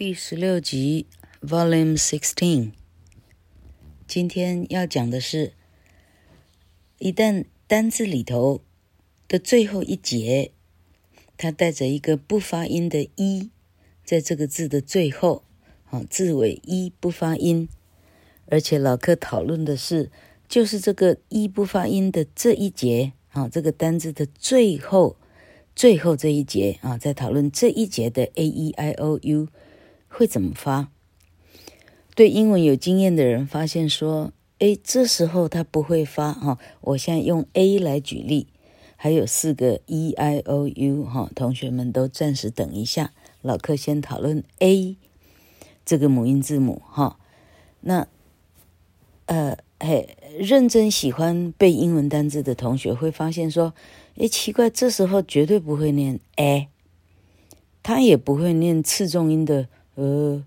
第十六集，Volume Sixteen。今天要講的是，一旦單字裡頭的最後一節，它帶着一個不發音的 E 在這個字的最後啊，字尾 E 不發音。而且老客討論的是，就是這個 E 不發音的這一節啊，這個單詞的最後最後這一節啊，在討論這一節的 A、E、I、O、U。會怎麼發？對英文有經驗的人發現說：“誒，這時候他不會發哈。哦”我現在用 A 來舉例，還有四個 E I O U 哈、哦。同學們都暫時等一下，老克先討論 A 這個母音字母哈、哦。那呃，嘿，認真喜歡背英文單字的同學會發現說：“誒，奇怪，這時候絕對不會念 A，他也不會念次重音的。”呃，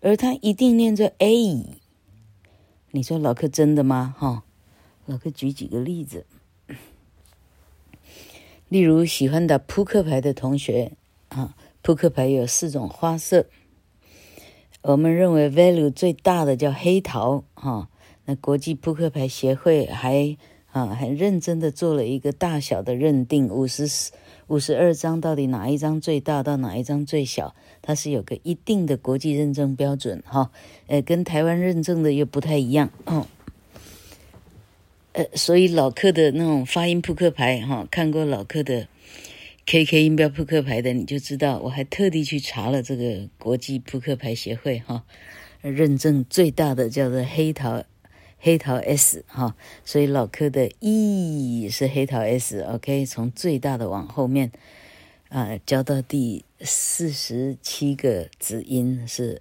而他一定念作 A，你說老柯真的嗎？哈、哦，老柯舉幾個例子，例如喜歡打撲克牌的同學啊，撲克牌有四種花色，我們認為 value 最大的叫黑桃，哈、啊，那國際撲克牌協會還。啊，很認真的做了一個大小的認定，五十四、五十二張到底哪一張最大，到哪一張最小，它是有個一定的國際認證標準哈、啊，呃，跟台灣認證的又不太一樣哦。呃、啊，所以老客的那種發音撲克牌哈、啊，看過老客的 KK 音標撲克牌的你就知道，我還特地去查了這個國際撲克牌協會哈、啊，認證最大的叫做黑桃。黑桃 S 哈、哦，所以老柯的 E 是黑桃 S，OK、okay?。從最大的往後面啊，教、呃、到第四十七個子音是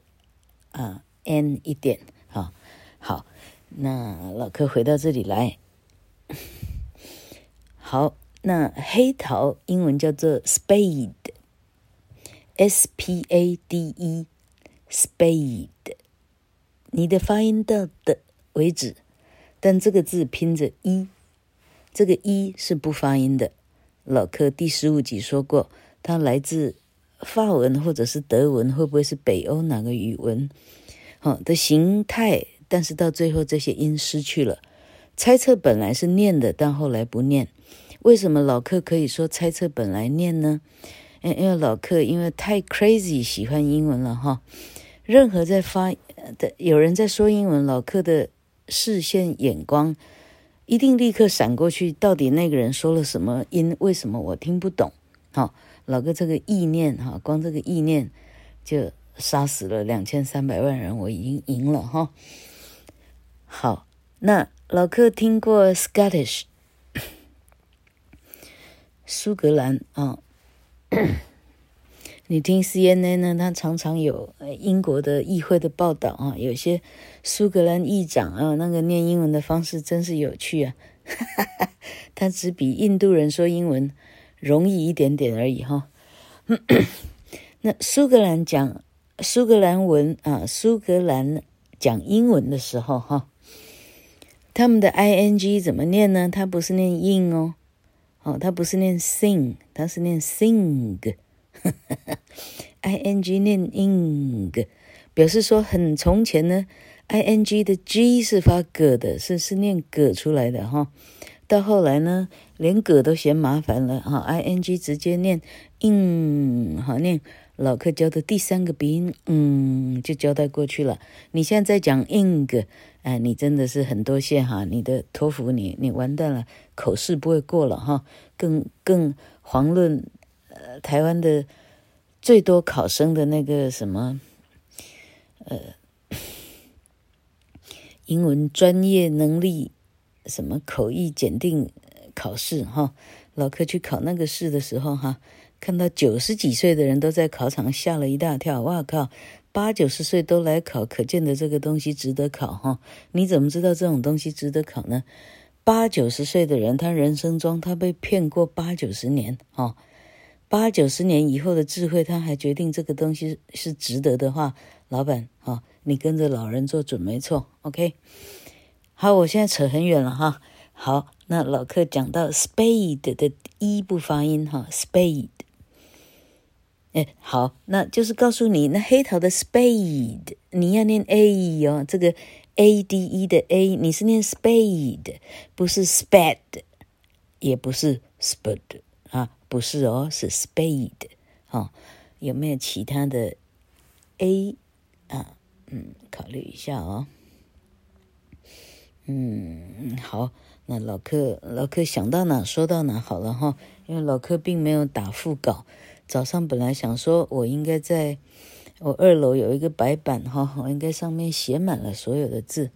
啊、呃、N 一點啊、哦，好，那老柯回到這裡來。 好，那黑桃英文叫做 Spade，S P A D E，Spade。你的發音到的。為止，但這個字拼着 e，這個 e 是不發音的。老克第十五集說過，它來自法文或者是德文，會不會是北歐哪個語文？好，的形態，但是到最後這些音失去了。猜測本來是念的，但後來不念。為什麼老克可以說猜測本來念呢？因因為老克因為太 crazy 喜歡英文了哈。任何在發的有人在說英文，老克的。視線眼光一定立刻閃過去，到底那個人說了什麼？因為什麼我聽不懂？好，老哥，這個意念哈，光這個意念就殺死了兩千三百萬人，我已經贏了哈。好，那老克聽過 Scottish，蘇格蘭啊。你聽 C N N 呢？它常常有英國的議會的報道啊。有些蘇格蘭議長啊，那個念英文的方式真是有趣啊。他 只比印度人說英文容易一點點而已哈。 那蘇格蘭講蘇格蘭文啊，蘇格蘭講英文的時候哈，他們的 i n g 怎麼念呢？他不是念 in 哦，哦，他不是念 sing，他是念 sing。哈 ，i n g 念 ing，表示說很從前呢。i n g 的 g 是發葛的，是是念葛出來的哈。到後來呢，連葛都嫌麻煩了哈。i n g 直接念 ing，好，念老客教的第三個鼻音，嗯，就交代過去了。你現在在講 ing，哎，你真的是很多謝哈，你的托福你你完蛋了，口試不會過了哈，更更遑論。呃，台灣的最多考生的那個什麼，呃，英文專業能力什麼口譯檢定考試哈，哦，老柯去考那個試的時候哈，看到九十幾歲的人都在考場，嚇了一大跳。哇靠，八九十歲都來考，可見得這個東西值得考哈，哦。你怎麼知道這種東西值得考呢？八九十歲的人，他人生中他被騙過八九十年哈。哦八九十年以後的智慧，他還決定這個東西是值得的話，老闆哈，你跟着老人做準沒錯。OK，好，我現在扯很遠了哈。好，那老客講到 spade 的 e 不發音哈，spade。哎，好，那就是告訴你，那黑桃的 spade 你要念 a 哦，這個 a d e 的 a，你是念 spade 不是 sped，也不是 spud。不是哦，是 spade，哈、哦，有沒有其他的 a 啊？嗯，考慮一下哦。嗯，好，那老克，老克想到哪說到哪好了哈、哦，因為老克並沒有打腹稿。早上本來想說我應該在我二樓有一個白板哈、哦，我應該上面寫滿了所有的字，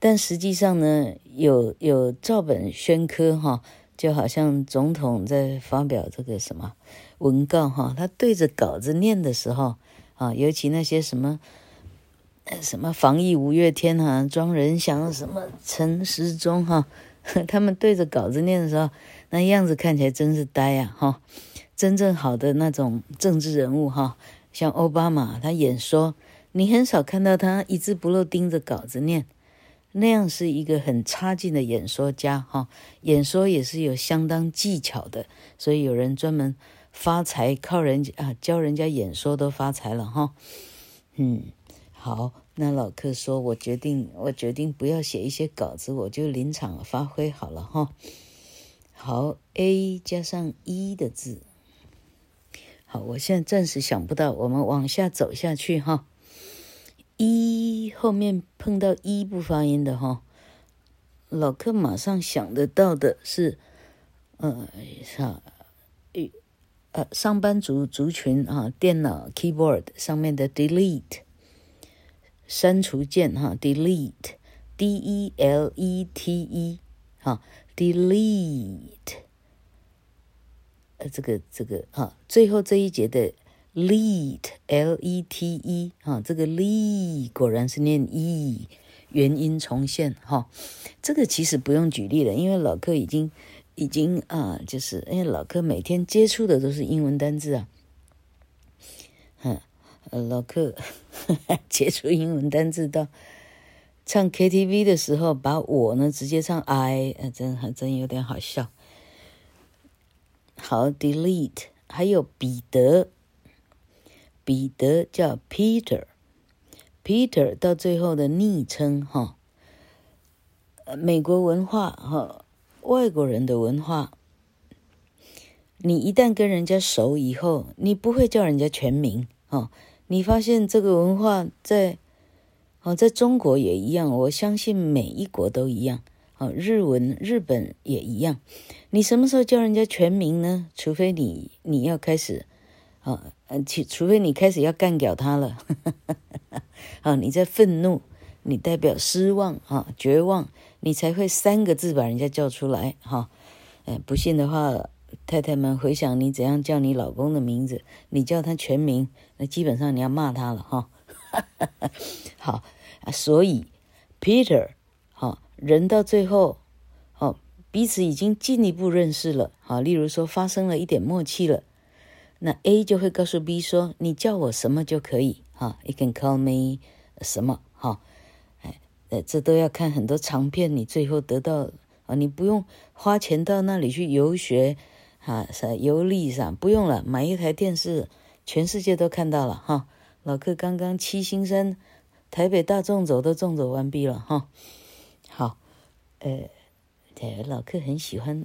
但實際上呢，有有照本宣科哈。哦就好像總統在發表這個什麼文告哈、啊，他對着稿子念的時候啊，尤其那些什麼什麼防疫五月天哈，莊人祥什麼陳時中哈、啊，他們對着稿子念的時候，那樣子看起來真是呆呀哈。真正好的那種政治人物哈、啊，像奧巴馬，他演說，你很少看到他一字不漏盯着稿子念。那樣是一個很差勁的演說家哈，演說也是有相當技巧的，所以有人專門發財靠人家啊，教人家演說都發財了哈。嗯，好，那老客說，我決定，我決定不要寫一些稿子，我就臨場發揮好了哈。好，A 加上 E 的字，好，我現在暫時想不到，我們往下走下去哈。一、e，後面碰到一、e、不發音的哈，老客馬上想得到的是，呃啥，呃上班族族群啊，電腦 keyboard 上面的 delete 刪除鍵哈，delete d e l e t e 哈 delete 這個這個哈，最後這一節的。leat l e t e 啊，這個 le 果然是念 e 原音重現哈、哦。這個其實不用舉例了，因為老客已經已經啊，就是因為老客每天接觸的都是英文單字啊。嗯、啊，老客哈哈，接觸英文單字到唱 KTV 的時候，把我呢直接唱 i 啊，真真有點好笑。好，delete 還有彼得。彼得叫 Peter，Peter Peter 到最後的昵稱哈，美國文化哈，外國人的文化，你一旦跟人家熟以後，你不會叫人家全名哈，你發現這個文化在啊在中國也一樣，我相信每一國都一樣。啊，日文日本也一樣，你什麼時候叫人家全名呢？除非你你要開始。啊、哦，除除非你開始要幹掉他了，啊，你在憤怒，你代表失望啊、哦，絕望，你才會三個字把人家叫出來，哈、哦呃，不信的話，太太們回想你怎樣叫你老公的名字，你叫他全名，那基本上你要罵他了，哈、哦，好，所以 Peter，好、哦，人到最後，哦，彼此已經進一步認識了，好、哦，例如說發生了一點默契了。那 A 就會告訴 B 說：“你叫我什麼就可以哈、啊、You can call me 什麼哈，哎這都要看很多長片，你最後得到啊，你不用花錢到那裡去遊學，哈、啊，遊歷啥，不用了，買一台電視，全世界都看到了哈、啊。老客剛剛七星山台北大縱走都縱走完畢了哈、啊，好，呃，對老客很喜歡。”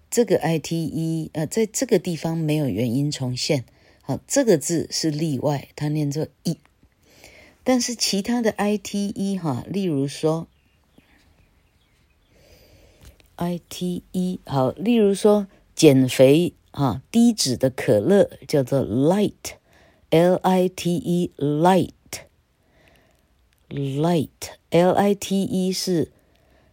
這個 i t e 啊，在這個地方沒有原音重現，好，這個字是例外，它念作 e。但是其他的 i t e 哈，例如說 i t e，好，例如說減肥啊，低脂的可樂叫做 light，l i t e light light l i t e 是。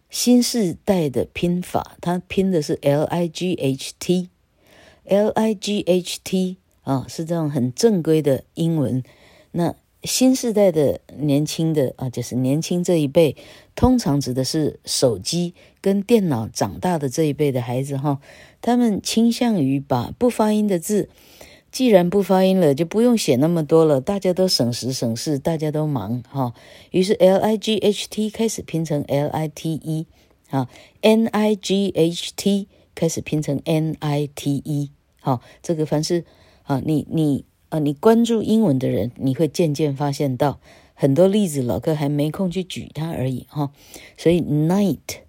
新世代的拼法，它拼的是 L I G H T，L I G H T、哦、是這種很正規的英文。那新世代的年輕的、哦、就是年輕這一輩，通常指的是手機跟電腦長大的這一輩的孩子、哦、他們傾向於把不發音的字，既然不發音了，就不用寫那麼多了，大家都省時省事，大家都忙哈、哦。於是 L I G H T 開始拼成 L I T E 哈、哦，N I G H T 開始拼成 N I T E 哈、哦。這個凡是啊、哦，你你啊，你關注英文的人，你會漸漸發現到很多例子，老哥還沒空去舉它而已哈、哦。所以 night。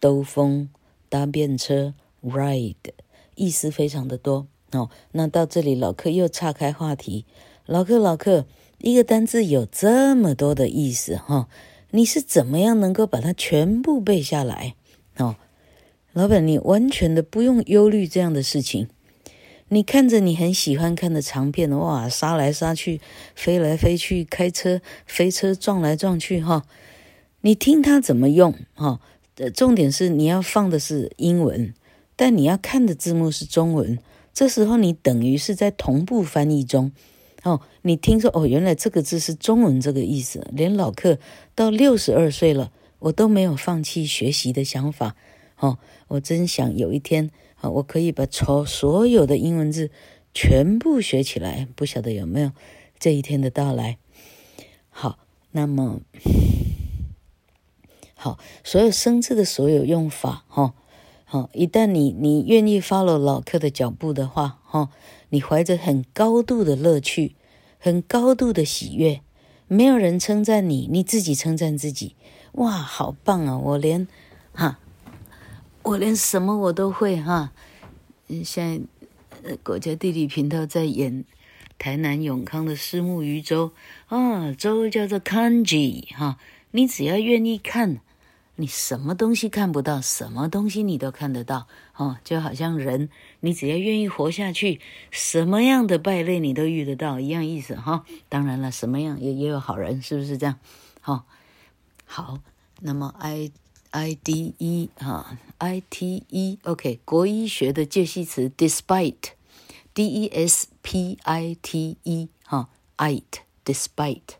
兜風、搭便車、ride，意思非常的多哦。那到這裡，老克又岔開話題。老克，老克，一個單字有這麼多的意思哈、哦？你是怎麼樣能夠把它全部背下來哦？老板，你完全的不用憂慮這樣的事情。你看着你很喜歡看的長片，哇，殺來殺去，飛來飛去，開車、飛車撞來撞去，哈、哦，你聽它怎麼用哈？哦重點是你要放的是英文，但你要看的字幕是中文。這時候你等於是在同步翻譯中，哦，你聽說哦，原來這個字是中文這個意思。連老課到六十二歲了，我都沒有放棄學習的想法。哦，我真想有一天啊，哦，我可以把朝所有的英文字全部學起來。不曉得有沒有這一天的到來？好，那麼。所有生字的所有用法，哦、一旦你你願意 follow 老客的腳步的話，哦，你懷着很高度的樂趣，很高度的喜悅，沒有人稱讚你，你自己稱讚自己，哇，好棒啊！我連哈，我連什麼我都會哈，嗯，像國家地理頻道在演台南永康的虱目魚粥，啊，這叫做 congee 哈，你只要願意看。你什麼東西看不到，什麼東西你都看得到哦，就好像人，你只要願意活下去，什麼樣的敗類你都遇得到，一樣意思哈、哦。當然了，什麼樣也也有好人，是不是這樣？哈、哦，好，那麼 i i d e 哈、哦、i t e o、okay、k 國醫學的介系詞 despite d e s p i t e 哈、哦、it despite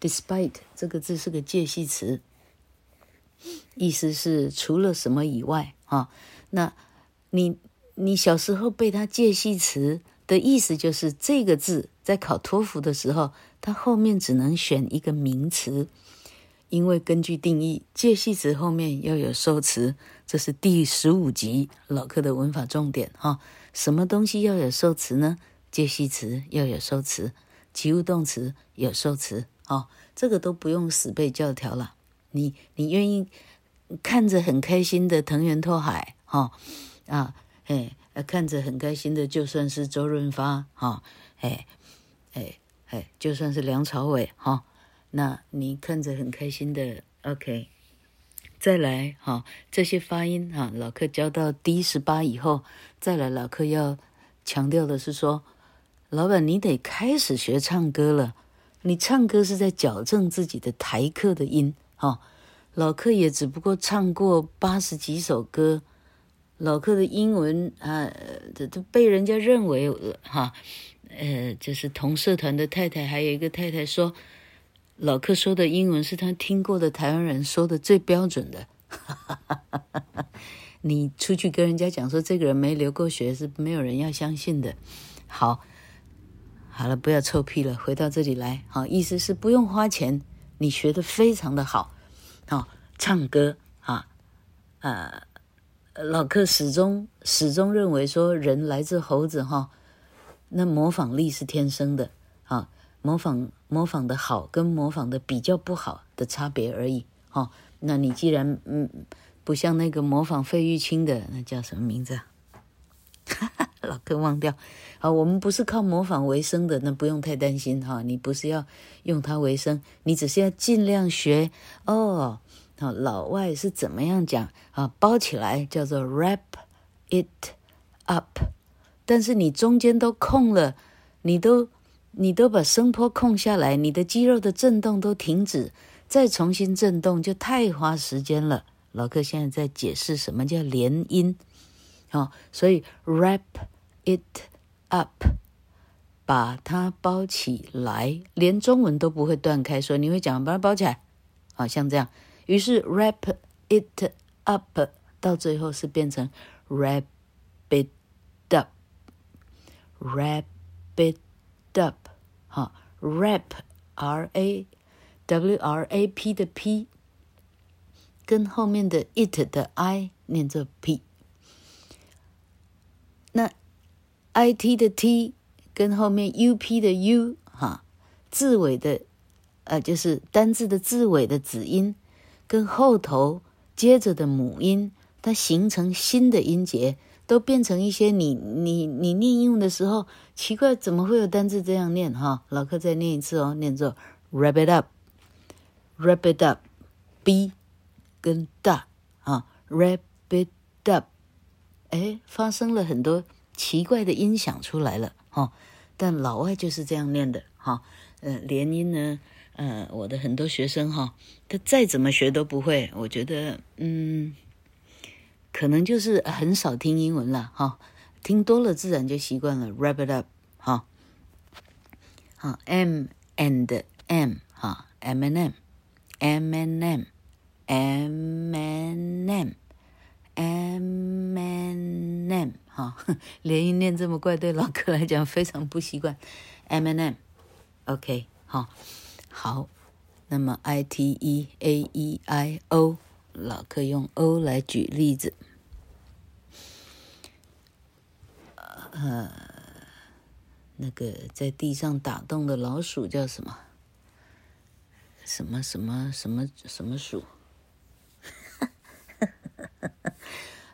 despite 這個字是個介系詞。意思是除了什麼以外啊、哦？那你，你你小時候背它介系詞的意思就是這個字，在考托福的時候，它後面只能選一個名詞，因為根據定義，介系詞後面要有受詞。這是第十五集老課的文法重點啊、哦！什麼東西要有受詞呢？介系詞要有受詞，及物動詞有受詞啊！這個都不用死背教條了。你你願意看着很開心的藤原拓海哈、哦、啊，哎看着很開心的就算是周潤發哈，哎哎哎就算是梁朝偉哈、哦，那你看着很開心的 OK 再來哈、哦、這些發音哈，老客教到第十八以後再來，老客要強調的是說，老闆，你得開始學唱歌了，你唱歌是在矯正自己的台客的音。哦，老克也只不過唱過八十幾首歌，老克的英文啊，這、呃、都被人家認為哈，呃，就是同社團的太太還有一個太太說，老克說的英文是他聽過的台灣人說的最標準的。 你出去跟人家講說這個人沒留過學，是沒有人要相信的。好，好了，不要臭屁了，回到這裡來。好，意思是不用花錢。你學得非常的好，啊，唱歌啊，呃，老克始終始終認為說人來自猴子哈，那模仿力是天生的啊，模仿模仿的好跟模仿的比較不好的差別而已哈、啊。那你既然嗯不像那個模仿費玉清的，那叫什麼名字啊？忘掉，啊，我們不是靠模仿為生的，那不用太擔心哈。你不是要用它為生，你只是要盡量學哦好。老外是怎麼樣講啊？包起來叫做 wrap it up，但是你中間都空了，你都你都把聲波空下來，你的肌肉的震動都停止，再重新震動就太花時間了。老克現在在解釋什麼叫連音，啊，所以 wrap。It up，把它包起來，連中文都不會斷開。所以你會講，把它包起來，好像這樣。於是 wrap it up，到最後是變成 wrap it up，wrap it up，好，wrap r a w r a p 的 p，跟後面的 it 的 i，念作 p。i t 的 t 跟後面 u p 的 u 哈、啊、字尾的，呃就是單字的字尾的子音跟後頭接着的母音，它形成新的音節，都變成一些你你你，你念用的時候奇怪怎麼會有單字這樣念哈、啊、老柯再念一次哦，念作 wrap it up wrap it up b 跟大、啊，啊 wrap it up 哎發生了很多。奇怪的音響出來了，哈、哦！但老外就是這樣練的，哈、哦。呃，連音呢？呃，我的很多學生哈、哦呃哦，他再怎麼學都不會。我覺得，嗯，可能就是很少聽英文了，哈、哦。聽多了自然就習慣了。Wrap it up，哈、哦。好、哦，M and M，哈，M and M，M and M，M and M，M and M，M and M 啊，連音念這麼怪，對老客來講非常不習慣。M and M，OK，OK，好，好，那麼 I T E A E I O，老客用 O 來舉例子。呃，那個在地上打洞的老鼠叫什麼？什麼什麼什麼什麼鼠？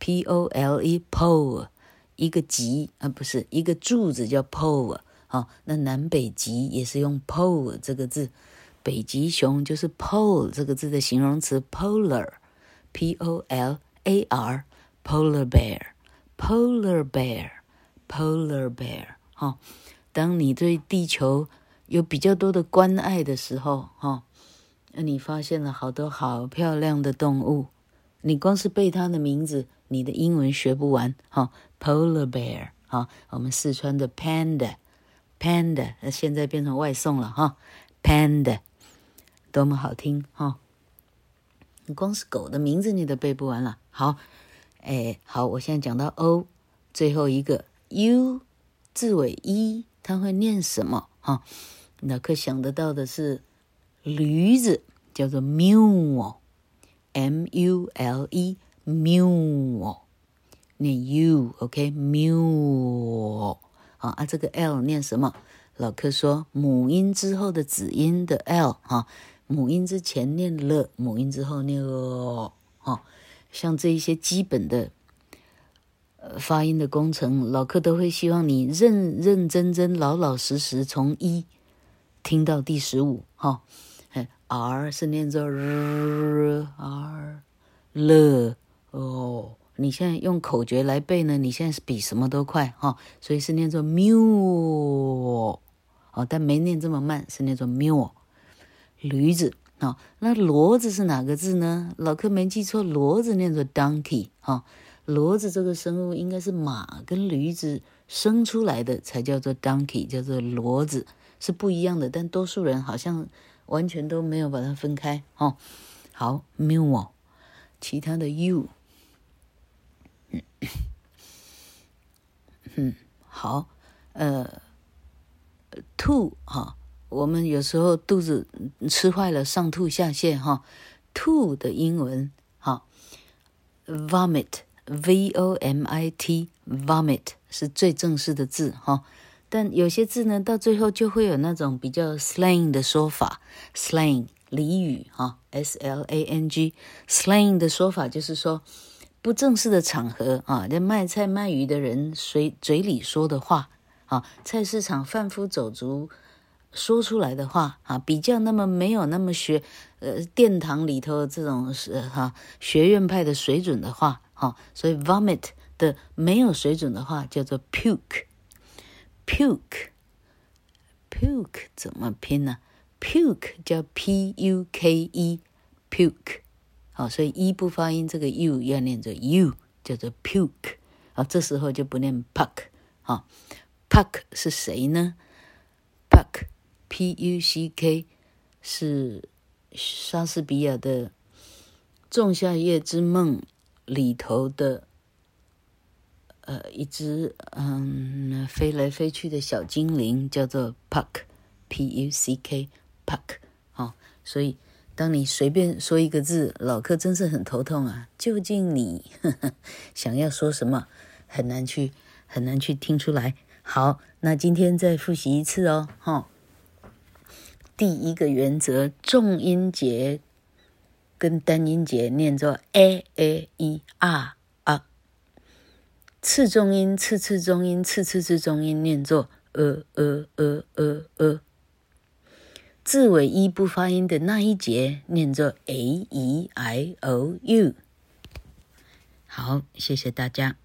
P O L E pole 一個極啊，不是一個柱子，叫 pole 啊。那南北極也是用 pole 這個字。北極熊就是 pole 這個字的形容詞，polar，P O L A R，polar bear，polar bear，polar bear。哈，當你對地球有比較多的關愛的時候，哈，那你發現了好多好漂亮的動物。你光是背它的名字。你的英文學不完哈，Polar Bear 哈，我們四川的 Panda，Panda 那 Panda, 現在變成外送了哈，Panda 多麼好聽哈！你光是狗的名字你都背不完了。好，哎，好，我現在講到 O，最後一個 U，字尾 E，它會念什麼哈？腦殼想得到的是驢子，叫做 Mule，M-U-L-E。繆哦，念 u，OK，繆啊啊！這個 l 念什麼？老柯說母音之後的子音的 l 哈，母音之前念樂，母音之後念哦哈。像這一些基本的發音的工程，老柯都會希望你認認真真、老老實實從一、e、聽到第十五哈。r 是念作 r，樂。哦，你現在用口訣來背呢？你現在是比什麼都快哈，所以是唸作 mule，哦，但沒念這麼慢，是唸作 mule，驢子啊。那騾子是哪個字呢？老客沒記錯，騾子唸作 donkey 啊。騾子這個生物應該是馬跟驢子生出來的才叫做 donkey，叫做騾子是不一樣的。但多數人好像完全都沒有把它分開哦。好，mule，其他的 u。嗯嗯， 好，呃，吐哈、哦，我們有時候肚子吃壞了，上吐下瀉哈、哦。吐的英文哈，vomit，v-o-m-i-t，vomit 是最正式的字哈、哦。但有些字呢，到最後就會有那種比較 slang 的說法，slang 俚語哈、哦，s-l-a-n-g，slang 的說法就是說。不正式的場合啊，這賣菜賣魚的人嘴嘴裡說的話啊，菜市場販夫走卒說出來的話啊，比較那麼沒有那麼學，呃，殿堂裡頭這種是哈、啊、學院派的水準的話哈、啊，所以 vomit 的沒有水準的話叫做 puke，puke，puke 怎麼拼呢、啊、？puke 叫 P-U-K-E，puke。哦，所以一、e、不發音，這個 u 要念做 u，叫做 puke。啊、哦，這時候就不念 puck 啊、哦，puck 是誰呢？puck p u c k 是莎士比亞的《仲夏夜之夢》裡頭的呃一隻嗯飛來飛去的小精靈，叫做 puck p u c k puck、哦。啊，所以。當你隨便說一個字，老客真是很頭痛啊！究竟你呵呵想要說什麼，很難去很難去聽出來。好，那今天再復習一次哦，哈！第一個原則，重音節跟單音節念作 a a 一啊二，次重音次次重音次次次重音念作呃呃呃呃呃。呃呃呃呃字尾 e 不發音的那一節，念作 A E I O U。好，謝謝大家。